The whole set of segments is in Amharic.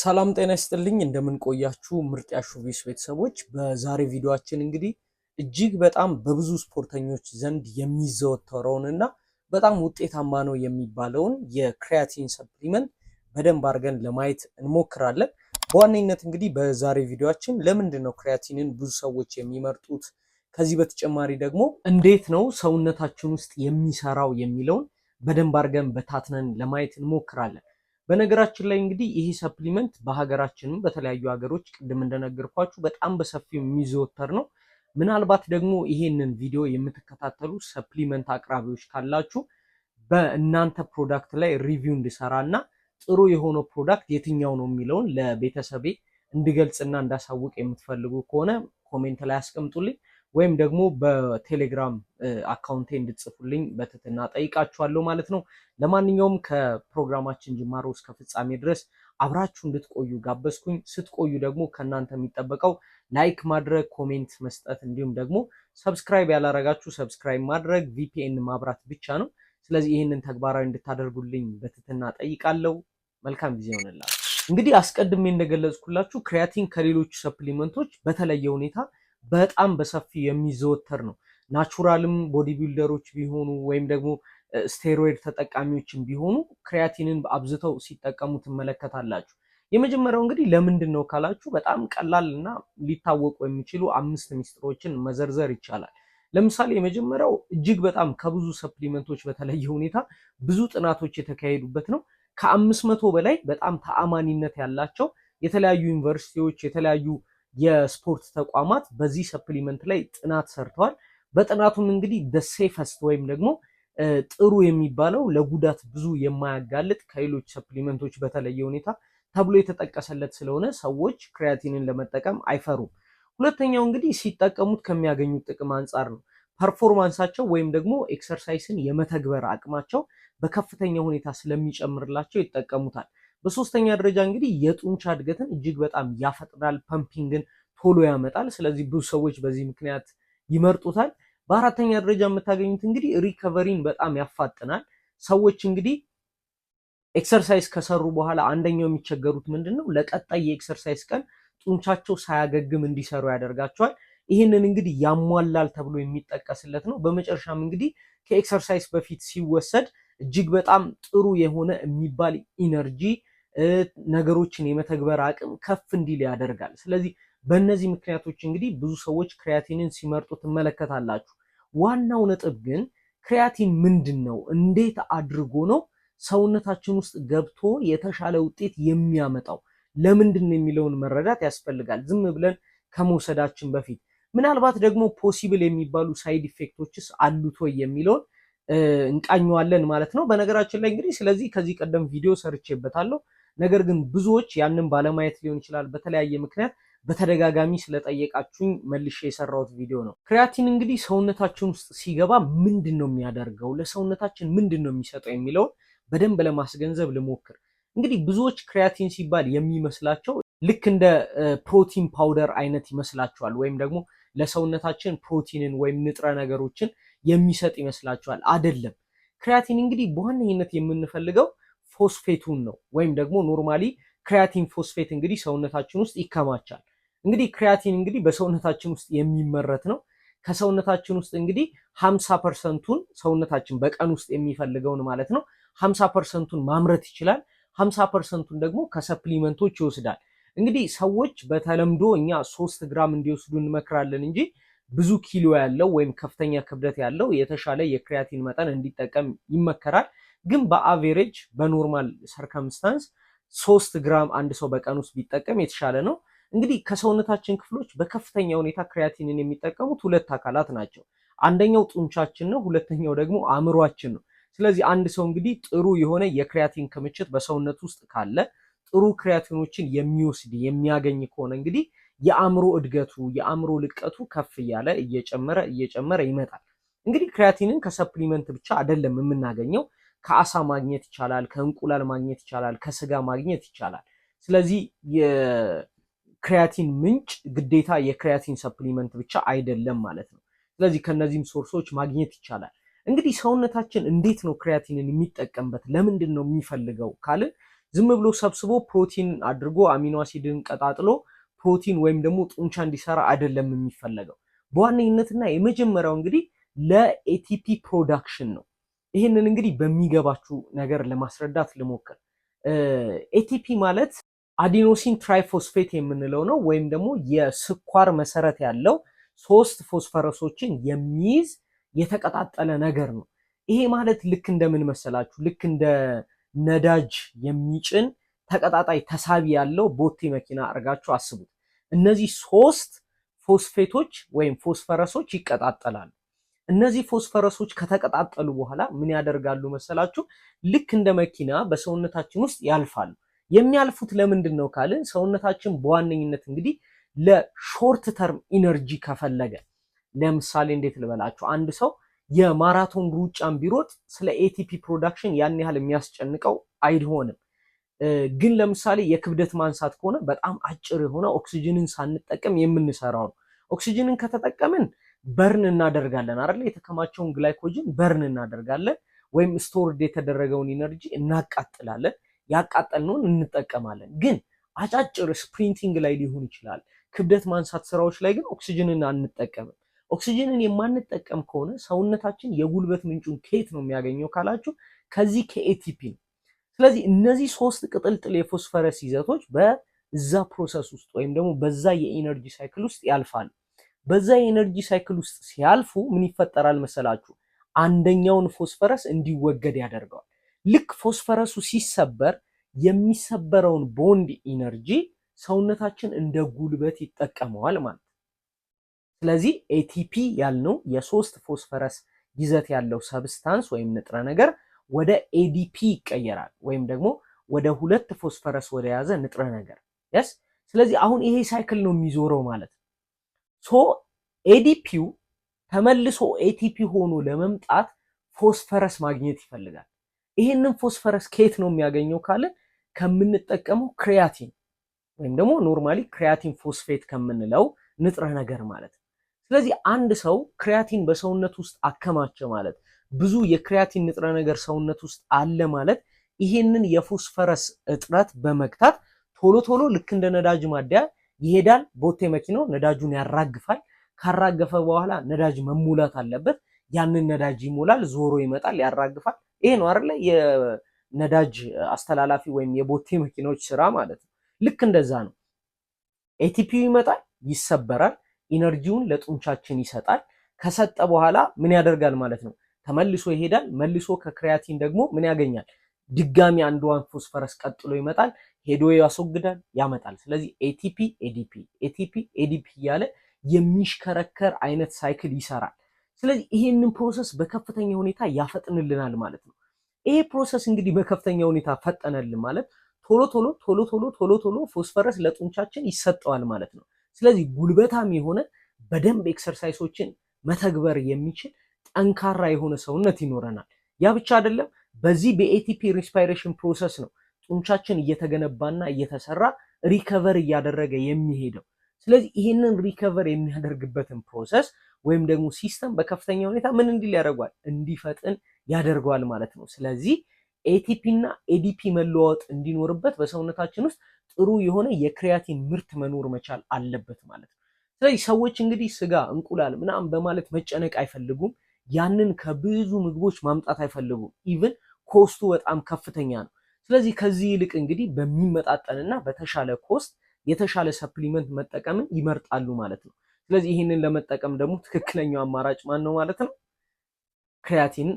ሰላም ጤና ይስጥልኝ። ቆያችሁ? ምርጥ ያሹቪስ ቤተሰቦች፣ በዛሬ ቪዲዮአችን እንግዲህ እጅግ በጣም በብዙ ስፖርተኞች ዘንድ የሚዘወተረውን እና በጣም ውጤታማ ነው የሚባለውን የክሪያቲን ሰፕሊመንት በደንብ አድርገን ለማየት እንሞክራለን። በዋነኝነት እንግዲህ በዛሬ ቪዲዮአችን ለምንድን ነው ክሪያቲንን ብዙ ሰዎች የሚመርጡት፣ ከዚህ በተጨማሪ ደግሞ እንዴት ነው ሰውነታችን ውስጥ የሚሰራው የሚለውን በደንብ አድርገን በታትነን ለማየት እንሞክራለን። በነገራችን ላይ እንግዲህ ይሄ ሰፕሊመንት በሀገራችንም በተለያዩ ሀገሮች ቅድም እንደነገርኳችሁ በጣም በሰፊው የሚዘወተር ነው። ምናልባት ደግሞ ይሄንን ቪዲዮ የምትከታተሉ ሰፕሊመንት አቅራቢዎች ካላችሁ በእናንተ ፕሮዳክት ላይ ሪቪው እንድሰራ እና ጥሩ የሆነው ፕሮዳክት የትኛው ነው የሚለውን ለቤተሰቤ እንድገልጽና እንዳሳውቅ የምትፈልጉ ከሆነ ኮሜንት ላይ አስቀምጡልኝ። ወይም ደግሞ በቴሌግራም አካውንቴ እንድትጽፉልኝ በትህትና ጠይቃችኋለሁ ማለት ነው። ለማንኛውም ከፕሮግራማችን ጅማሮ እስከ ፍጻሜ ድረስ አብራችሁ እንድትቆዩ ጋበዝኩኝ። ስትቆዩ ደግሞ ከእናንተ የሚጠበቀው ላይክ ማድረግ፣ ኮሜንት መስጠት እንዲሁም ደግሞ ሰብስክራይብ ያላረጋችሁ ሰብስክራይብ ማድረግ፣ ቪፒኤን ማብራት ብቻ ነው። ስለዚህ ይህንን ተግባራዊ እንድታደርጉልኝ በትህትና ጠይቃለሁ። መልካም ጊዜ ይሆንላችሁ። እንግዲህ አስቀድሜ እንደገለጽኩላችሁ ክሪያቲን ከሌሎች ሰፕሊመንቶች በተለየ ሁኔታ በጣም በሰፊ የሚዘወተር ነው። ናቹራልም ቦዲ ቢልደሮች ቢሆኑ ወይም ደግሞ ስቴሮይድ ተጠቃሚዎችም ቢሆኑ ክሪያቲንን አብዝተው ሲጠቀሙ ትመለከታላችሁ። የመጀመሪያው እንግዲህ ለምንድን ነው ካላችሁ በጣም ቀላል እና ሊታወቁ የሚችሉ አምስት ሚስጥሮችን መዘርዘር ይቻላል። ለምሳሌ የመጀመሪያው እጅግ በጣም ከብዙ ሰፕሊመንቶች በተለየ ሁኔታ ብዙ ጥናቶች የተካሄዱበት ነው። ከአምስት መቶ በላይ በጣም ተአማኒነት ያላቸው የተለያዩ ዩኒቨርሲቲዎች የተለያዩ የስፖርት ተቋማት በዚህ ሰፕሊመንት ላይ ጥናት ሰርተዋል። በጥናቱም እንግዲህ ደሴፈስት ወይም ደግሞ ጥሩ የሚባለው ለጉዳት ብዙ የማያጋልጥ ከሌሎች ሰፕሊመንቶች በተለየ ሁኔታ ተብሎ የተጠቀሰለት ስለሆነ ሰዎች ክሪያቲንን ለመጠቀም አይፈሩም። ሁለተኛው እንግዲህ ሲጠቀሙት ከሚያገኙት ጥቅም አንጻር ነው። ፐርፎርማንሳቸው ወይም ደግሞ ኤክሰርሳይስን የመተግበር አቅማቸው በከፍተኛ ሁኔታ ስለሚጨምርላቸው ይጠቀሙታል። በሶስተኛ ደረጃ እንግዲህ የጡንቻ እድገትን እጅግ በጣም ያፈጥናል። ፐምፒንግን ቶሎ ያመጣል። ስለዚህ ብዙ ሰዎች በዚህ ምክንያት ይመርጡታል። በአራተኛ ደረጃ የምታገኙት እንግዲህ ሪከቨሪን በጣም ያፋጥናል። ሰዎች እንግዲህ ኤክሰርሳይዝ ከሰሩ በኋላ አንደኛው የሚቸገሩት ምንድን ነው? ለቀጣይ የኤክሰርሳይዝ ቀን ጡንቻቸው ሳያገግም እንዲሰሩ ያደርጋቸዋል። ይህንን እንግዲህ ያሟላል ተብሎ የሚጠቀስለት ነው። በመጨረሻም እንግዲህ ከኤክሰርሳይዝ በፊት ሲወሰድ እጅግ በጣም ጥሩ የሆነ የሚባል ኢነርጂ ነገሮችን የመተግበር አቅም ከፍ እንዲል ያደርጋል። ስለዚህ በእነዚህ ምክንያቶች እንግዲህ ብዙ ሰዎች ክሪያቲንን ሲመርጡ ትመለከታላችሁ። ዋናው ነጥብ ግን ክሪያቲን ምንድን ነው? እንዴት አድርጎ ነው ሰውነታችን ውስጥ ገብቶ የተሻለ ውጤት የሚያመጣው? ለምንድን ነው የሚለውን መረዳት ያስፈልጋል፣ ዝም ብለን ከመውሰዳችን በፊት። ምናልባት ደግሞ ፖሲብል የሚባሉ ሳይድ ኢፌክቶችስ አሉት ወይ የሚለውን እንቃኘዋለን ማለት ነው። በነገራችን ላይ እንግዲህ ስለዚህ ከዚህ ቀደም ቪዲዮ ሰርቼበታለሁ። ነገር ግን ብዙዎች ያንን ባለማየት ሊሆን ይችላል በተለያየ ምክንያት በተደጋጋሚ ስለጠየቃችሁኝ መልሼ የሰራሁት ቪዲዮ ነው። ክሪያቲን እንግዲህ ሰውነታችን ውስጥ ሲገባ ምንድን ነው የሚያደርገው፣ ለሰውነታችን ምንድን ነው የሚሰጠው የሚለውን በደንብ ለማስገንዘብ ልሞክር። እንግዲህ ብዙዎች ክሪያቲን ሲባል የሚመስላቸው ልክ እንደ ፕሮቲን ፓውደር አይነት ይመስላችኋል፣ ወይም ደግሞ ለሰውነታችን ፕሮቲንን ወይም ንጥረ ነገሮችን የሚሰጥ ይመስላችኋል። አይደለም። ክሪያቲን እንግዲህ በዋነኝነት የምንፈልገው ፎስፌቱን ነው ወይም ደግሞ ኖርማሊ ክሪያቲን ፎስፌት እንግዲህ ሰውነታችን ውስጥ ይከማቻል። እንግዲህ ክሪያቲን እንግዲህ በሰውነታችን ውስጥ የሚመረት ነው። ከሰውነታችን ውስጥ እንግዲህ ሀምሳ ፐርሰንቱን ሰውነታችን በቀን ውስጥ የሚፈልገውን ማለት ነው ሀምሳ ፐርሰንቱን ማምረት ይችላል። ሀምሳ ፐርሰንቱን ደግሞ ከሰፕሊመንቶች ይወስዳል። እንግዲህ ሰዎች በተለምዶ እኛ ሶስት ግራም እንዲወስዱ እንመክራለን እንጂ ብዙ ኪሎ ያለው ወይም ከፍተኛ ክብደት ያለው የተሻለ የክሪያቲን መጠን እንዲጠቀም ይመከራል። ግን በአቬሬጅ በኖርማል ሰርከምስታንስ ሶስት ግራም አንድ ሰው በቀን ውስጥ ቢጠቀም የተሻለ ነው። እንግዲህ ከሰውነታችን ክፍሎች በከፍተኛ ሁኔታ ክሪያቲንን የሚጠቀሙት ሁለት አካላት ናቸው። አንደኛው ጡንቻችን ነው፣ ሁለተኛው ደግሞ አእምሯችን ነው። ስለዚህ አንድ ሰው እንግዲህ ጥሩ የሆነ የክሪያቲን ክምችት በሰውነት ውስጥ ካለ ጥሩ ክሪያቲኖችን የሚወስድ የሚያገኝ ከሆነ እንግዲህ የአእምሮ እድገቱ የአእምሮ ልቀቱ ከፍ እያለ እየጨመረ እየጨመረ ይመጣል። እንግዲህ ክሪያቲንን ከሰፕሊመንት ብቻ አይደለም የምናገኘው ከአሳ ማግኘት ይቻላል፣ ከእንቁላል ማግኘት ይቻላል፣ ከስጋ ማግኘት ይቻላል። ስለዚህ የክሪያቲን ምንጭ ግዴታ የክሪያቲን ሰፕሊመንት ብቻ አይደለም ማለት ነው። ስለዚህ ከነዚህም ሶርሶች ማግኘት ይቻላል። እንግዲህ ሰውነታችን እንዴት ነው ክሪያቲንን የሚጠቀምበት? ለምንድን ነው የሚፈልገው ካልን ዝም ብሎ ሰብስቦ ፕሮቲን አድርጎ አሚኖ አሲድን ቀጣጥሎ ፕሮቲን ወይም ደግሞ ጡንቻ እንዲሰራ አይደለም የሚፈለገው። በዋነኝነትና የመጀመሪያው እንግዲህ ለኤቲፒ ፕሮዳክሽን ነው። ይህንን እንግዲህ በሚገባችሁ ነገር ለማስረዳት ልሞክር። ኤቲፒ ማለት አዲኖሲን ትራይፎስፌት የምንለው ነው ወይም ደግሞ የስኳር መሰረት ያለው ሶስት ፎስፈረሶችን የሚይዝ የተቀጣጠለ ነገር ነው። ይሄ ማለት ልክ እንደምን መሰላችሁ? ልክ እንደ ነዳጅ የሚጭን ተቀጣጣይ ተሳቢ ያለው ቦቴ መኪና አድርጋችሁ አስቡት። እነዚህ ሶስት ፎስፌቶች ወይም ፎስፈረሶች ይቀጣጠላሉ። እነዚህ ፎስፈረሶች ከተቀጣጠሉ በኋላ ምን ያደርጋሉ መሰላችሁ? ልክ እንደ መኪና በሰውነታችን ውስጥ ያልፋሉ። የሚያልፉት ለምንድን ነው ካልን ሰውነታችን በዋነኝነት እንግዲህ ለሾርት ተርም ኢነርጂ ከፈለገ ለምሳሌ እንዴት ልበላችሁ፣ አንድ ሰው የማራቶን ሩጫን ቢሮጥ ስለ ኤቲፒ ፕሮዳክሽን ያን ያህል የሚያስጨንቀው አይሆንም። ግን ለምሳሌ የክብደት ማንሳት ከሆነ በጣም አጭር የሆነ ኦክሲጅንን ሳንጠቀም የምንሰራው ነው። ኦክሲጅንን ከተጠቀምን በርን እናደርጋለን አይደለ? የተከማቸውን ግላይኮጅን በርን እናደርጋለን ወይም ስቶርድ የተደረገውን ኢነርጂ እናቃጥላለን። ያቃጠልነውን እንጠቀማለን። ግን አጫጭር ስፕሪንቲንግ ላይ ሊሆን ይችላል። ክብደት ማንሳት ስራዎች ላይ ግን ኦክሲጅንን አንጠቀምም። ኦክሲጅንን የማንጠቀም ከሆነ ሰውነታችን የጉልበት ምንጩን ከየት ነው የሚያገኘው ካላችሁ ከዚህ ከኤቲፒ ነው። ስለዚህ እነዚህ ሶስት ቅጥልጥል የፎስፈረስ ይዘቶች በዛ ፕሮሰስ ውስጥ ወይም ደግሞ በዛ የኢነርጂ ሳይክል ውስጥ ያልፋል። በዛ የኤነርጂ ሳይክል ውስጥ ሲያልፉ ምን ይፈጠራል መሰላችሁ? አንደኛውን ፎስፈረስ እንዲወገድ ያደርገዋል። ልክ ፎስፈረሱ ሲሰበር የሚሰበረውን ቦንድ ኢነርጂ ሰውነታችን እንደ ጉልበት ይጠቀመዋል ማለት ነው። ስለዚህ ኤቲፒ ያልነው የሶስት ፎስፈረስ ይዘት ያለው ሰብስታንስ ወይም ንጥረ ነገር ወደ ኤዲፒ ይቀየራል ወይም ደግሞ ወደ ሁለት ፎስፈረስ ወደ ያዘ ንጥረ ነገር የስ። ስለዚህ አሁን ይሄ ሳይክል ነው የሚዞረው ማለት ነው። ሶ ኤዲፒው ተመልሶ ኤቲፒ ሆኖ ለመምጣት ፎስፈረስ ማግኘት ይፈልጋል። ይሄንን ፎስፈረስ ከየት ነው የሚያገኘው ካለን ከምንጠቀመው ክሪያቲን ወይም ደግሞ ኖርማሊ ክሪያቲን ፎስፌት ከምንለው ንጥረ ነገር ማለት ነው። ስለዚህ አንድ ሰው ክሪያቲን በሰውነት ውስጥ አከማቸ ማለት ብዙ የክሪያቲን ንጥረ ነገር ሰውነት ውስጥ አለ ማለት ይህንን የፎስፈረስ እጥረት በመግታት ቶሎ ቶሎ ልክ እንደ ነዳጅ ማደያ ይሄዳል። ቦቴ መኪናው ነዳጁን ያራግፋል። ካራገፈ በኋላ ነዳጅ መሙላት አለበት። ያንን ነዳጅ ይሞላል፣ ዞሮ ይመጣል፣ ያራግፋል። ይሄ ነው አይደለ የነዳጅ አስተላላፊ ወይም የቦቴ መኪናዎች ስራ ማለት ነው። ልክ እንደዛ ነው። ኤቲፒው ይመጣል፣ ይሰበራል፣ ኢነርጂውን ለጡንቻችን ይሰጣል። ከሰጠ በኋላ ምን ያደርጋል ማለት ነው? ተመልሶ ይሄዳል። መልሶ ከክሪያቲን ደግሞ ምን ያገኛል? ድጋሚ አንዷን ፎስፈረስ ቀጥሎ ይመጣል፣ ሄዶ ያስወግዳል፣ ያመጣል። ስለዚህ ኤቲፒ ኤዲፒ ኤቲፒ ኤዲፒ እያለ የሚሽከረከር አይነት ሳይክል ይሰራል። ስለዚህ ይሄንን ፕሮሰስ በከፍተኛ ሁኔታ ያፈጥንልናል ማለት ነው። ይሄ ፕሮሰስ እንግዲህ በከፍተኛ ሁኔታ ፈጠነልን ማለት ቶሎ ቶሎ ቶሎ ቶሎ ቶሎ ቶሎ ፎስፈረስ ለጡንቻችን ይሰጠዋል ማለት ነው። ስለዚህ ጉልበታም የሆነ በደንብ ኤክሰርሳይሶችን መተግበር የሚችል ጠንካራ የሆነ ሰውነት ይኖረናል። ያ ብቻ አይደለም። በዚህ በኤቲፒ ሪስፓይሬሽን ፕሮሰስ ነው ጡንቻችን እየተገነባና እየተሰራ ሪከቨር እያደረገ የሚሄደው። ስለዚህ ይህንን ሪከቨር የሚያደርግበትን ፕሮሰስ ወይም ደግሞ ሲስተም በከፍተኛ ሁኔታ ምን እንዲል ያደርጓል? እንዲፈጥን ያደርገዋል ማለት ነው። ስለዚህ ኤቲፒ እና ኤዲፒ መለዋወጥ እንዲኖርበት በሰውነታችን ውስጥ ጥሩ የሆነ የክሪያቲን ምርት መኖር መቻል አለበት ማለት ነው። ስለዚህ ሰዎች እንግዲህ ስጋ፣ እንቁላል ምናምን በማለት መጨነቅ አይፈልጉም። ያንን ከብዙ ምግቦች ማምጣት አይፈልጉም ኢቭን ኮስቱ በጣም ከፍተኛ ነው። ስለዚህ ከዚህ ይልቅ እንግዲህ በሚመጣጠንና በተሻለ ኮስት የተሻለ ሰፕሊመንት መጠቀምን ይመርጣሉ ማለት ነው። ስለዚህ ይህንን ለመጠቀም ደግሞ ትክክለኛው አማራጭ ማን ነው ማለት ነው? ክሪያቲን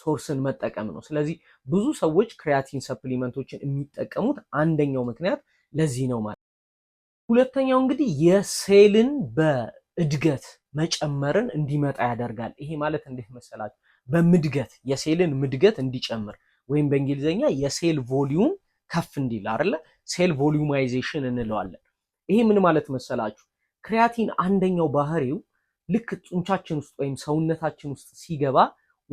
ሶርስን መጠቀም ነው። ስለዚህ ብዙ ሰዎች ክሪያቲን ሰፕሊመንቶችን የሚጠቀሙት አንደኛው ምክንያት ለዚህ ነው ማለት ነው። ሁለተኛው እንግዲህ የሴልን በእድገት መጨመርን እንዲመጣ ያደርጋል። ይሄ ማለት እንዴት መሰላችሁ? በምድገት የሴልን ምድገት እንዲጨምር ወይም በእንግሊዝኛ የሴል ቮሊዩም ከፍ እንዲል አይደለ ሴል ቮሊዩማይዜሽን እንለዋለን። ይሄ ምን ማለት መሰላችሁ? ክሪያቲን አንደኛው ባህሪው ልክ ጡንቻችን ውስጥ ወይም ሰውነታችን ውስጥ ሲገባ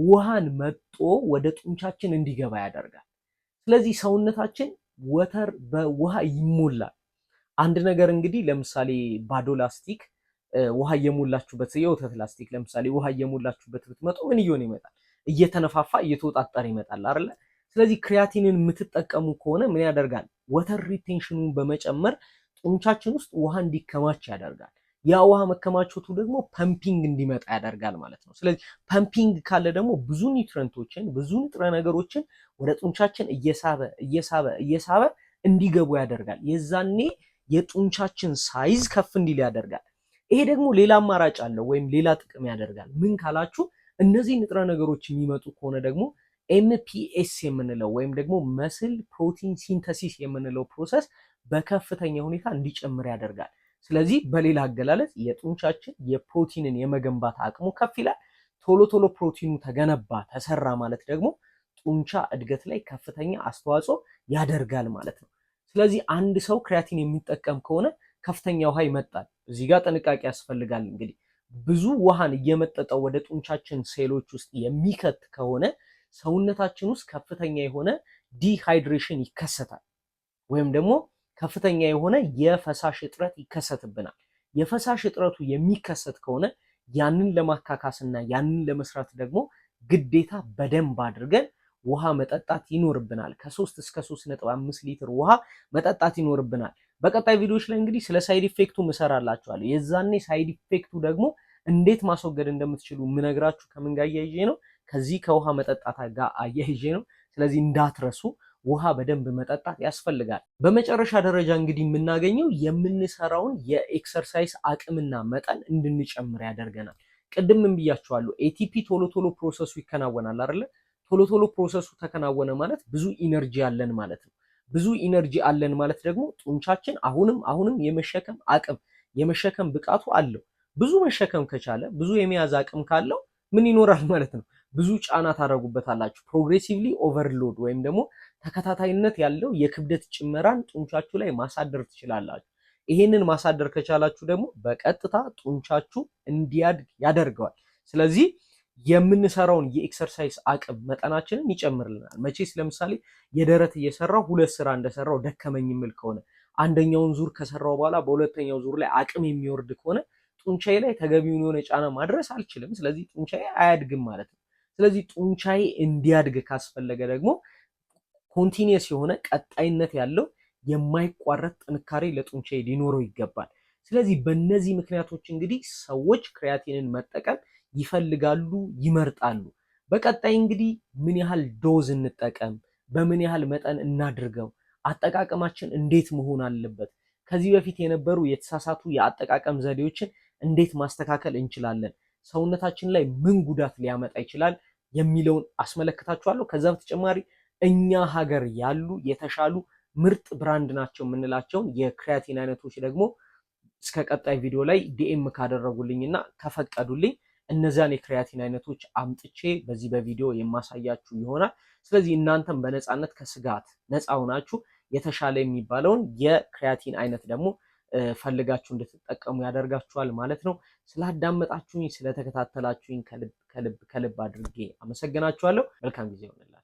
ውሃን መጦ ወደ ጡንቻችን እንዲገባ ያደርጋል። ስለዚህ ሰውነታችን ወተር በውሃ ይሞላል። አንድ ነገር እንግዲህ ለምሳሌ ባዶ ላስቲክ ውሃ እየሞላችሁበት የወተት ላስቲክ ለምሳሌ ውሃ እየሞላችሁበት ብትመጡ ምን እየሆነ ይመጣል? እየተነፋፋ እየተወጣጠረ ይመጣል አይደለ? ስለዚህ ክሪያቲንን የምትጠቀሙ ከሆነ ምን ያደርጋል? ወተር ሪቴንሽኑን በመጨመር ጡንቻችን ውስጥ ውሃ እንዲከማች ያደርጋል። ያ ውሃ መከማቸቱ ደግሞ ፐምፒንግ እንዲመጣ ያደርጋል ማለት ነው። ስለዚህ ፐምፒንግ ካለ ደግሞ ብዙ ኒውትረንቶችን ብዙ ንጥረ ነገሮችን ወደ ጡንቻችን እየሳበ እየሳበ እየሳበ እንዲገቡ ያደርጋል። የዛኔ የጡንቻችን ሳይዝ ከፍ እንዲል ያደርጋል። ይሄ ደግሞ ሌላ አማራጭ አለው ወይም ሌላ ጥቅም ያደርጋል። ምን ካላችሁ እነዚህ ንጥረ ነገሮች የሚመጡ ከሆነ ደግሞ ኤምፒኤስ የምንለው ወይም ደግሞ መስል ፕሮቲን ሲንተሲስ የምንለው ፕሮሰስ በከፍተኛ ሁኔታ እንዲጨምር ያደርጋል። ስለዚህ በሌላ አገላለጽ የጡንቻችን የፕሮቲንን የመገንባት አቅሙ ከፍ ይላል። ቶሎ ቶሎ ፕሮቲኑ ተገነባ ተሰራ ማለት ደግሞ ጡንቻ እድገት ላይ ከፍተኛ አስተዋጽኦ ያደርጋል ማለት ነው። ስለዚህ አንድ ሰው ክሪያቲን የሚጠቀም ከሆነ ከፍተኛ ውሃ ይመጣል። እዚህ ጋር ጥንቃቄ ያስፈልጋል። እንግዲህ ብዙ ውሃን እየመጠጠ ወደ ጡንቻችን ሴሎች ውስጥ የሚከት ከሆነ ሰውነታችን ውስጥ ከፍተኛ የሆነ ዲሃይድሬሽን ይከሰታል፣ ወይም ደግሞ ከፍተኛ የሆነ የፈሳሽ እጥረት ይከሰትብናል። የፈሳሽ እጥረቱ የሚከሰት ከሆነ ያንን ለማካካስና ያንን ለመስራት ደግሞ ግዴታ በደንብ አድርገን ውሃ መጠጣት ይኖርብናል። ከሶስት እስከ ሶስት ነጥብ አምስት ሊትር ውሃ መጠጣት ይኖርብናል። በቀጣይ ቪዲዮዎች ላይ እንግዲህ ስለ ሳይድ ኢፌክቱ እሰራላችኋለሁ። የዛኔ ሳይድ ኢፌክቱ ደግሞ እንዴት ማስወገድ እንደምትችሉ ምነግራችሁ ከምን ጋር አያይዤ ነው? ከዚህ ከውሃ መጠጣት ጋር አያይዤ ነው። ስለዚህ እንዳትረሱ ውሃ በደንብ መጠጣት ያስፈልጋል። በመጨረሻ ደረጃ እንግዲህ የምናገኘው የምንሰራውን የኤክሰርሳይዝ አቅምና መጠን እንድንጨምር ያደርገናል። ቅድም ምን ብያችኋለሁ? ኤቲፒ ቶሎ ቶሎ ፕሮሰሱ ይከናወናል አይደለ? ቶሎ ቶሎ ፕሮሰሱ ተከናወነ ማለት ብዙ ኢነርጂ ያለን ማለት ነው። ብዙ ኢነርጂ አለን ማለት ደግሞ ጡንቻችን አሁንም አሁንም የመሸከም አቅም የመሸከም ብቃቱ አለው። ብዙ መሸከም ከቻለ ብዙ የመያዝ አቅም ካለው ምን ይኖራል ማለት ነው? ብዙ ጫና ታደርጉበታላችሁ። ፕሮግሬሲቭሊ ኦቨርሎድ ወይም ደግሞ ተከታታይነት ያለው የክብደት ጭመራን ጡንቻችሁ ላይ ማሳደር ትችላላችሁ። ይሄንን ማሳደር ከቻላችሁ ደግሞ በቀጥታ ጡንቻችሁ እንዲያድግ ያደርገዋል። ስለዚህ የምንሰራውን የኤክሰርሳይዝ አቅም መጠናችንን ይጨምርልናል። መቼስ ለምሳሌ የደረት እየሰራው ሁለት ስራ እንደሰራው ደከመኝ የምል ከሆነ አንደኛውን ዙር ከሰራው በኋላ በሁለተኛው ዙር ላይ አቅም የሚወርድ ከሆነ ጡንቻዬ ላይ ተገቢውን የሆነ ጫና ማድረስ አልችልም። ስለዚህ ጡንቻዬ አያድግም ማለት ነው። ስለዚህ ጡንቻዬ እንዲያድግ ካስፈለገ ደግሞ ኮንቲኒየስ የሆነ ቀጣይነት ያለው የማይቋረጥ ጥንካሬ ለጡንቻዬ ሊኖረው ይገባል። ስለዚህ በእነዚህ ምክንያቶች እንግዲህ ሰዎች ክሪያቲንን መጠቀም ይፈልጋሉ፣ ይመርጣሉ። በቀጣይ እንግዲህ ምን ያህል ዶዝ እንጠቀም፣ በምን ያህል መጠን እናድርገው፣ አጠቃቀማችን እንዴት መሆን አለበት፣ ከዚህ በፊት የነበሩ የተሳሳቱ የአጠቃቀም ዘዴዎችን እንዴት ማስተካከል እንችላለን፣ ሰውነታችን ላይ ምን ጉዳት ሊያመጣ ይችላል የሚለውን አስመለክታችኋለሁ። ከዛ በተጨማሪ እኛ ሀገር ያሉ የተሻሉ ምርጥ ብራንድ ናቸው የምንላቸውን የክሪያቲን አይነቶች ደግሞ እስከ ቀጣይ ቪዲዮ ላይ ዲኤም ካደረጉልኝ እና ከፈቀዱልኝ እነዚያን የክሪያቲን አይነቶች አምጥቼ በዚህ በቪዲዮ የማሳያችሁ ይሆናል። ስለዚህ እናንተም በነፃነት ከስጋት ነፃ ሆናችሁ የተሻለ የሚባለውን የክሪያቲን አይነት ደግሞ ፈልጋችሁ እንድትጠቀሙ ያደርጋችኋል ማለት ነው። ስላዳመጣችሁኝ፣ ስለተከታተላችሁኝ ከልብ ከልብ ከልብ አድርጌ አመሰግናችኋለሁ። መልካም ጊዜ ይሆንላችሁ።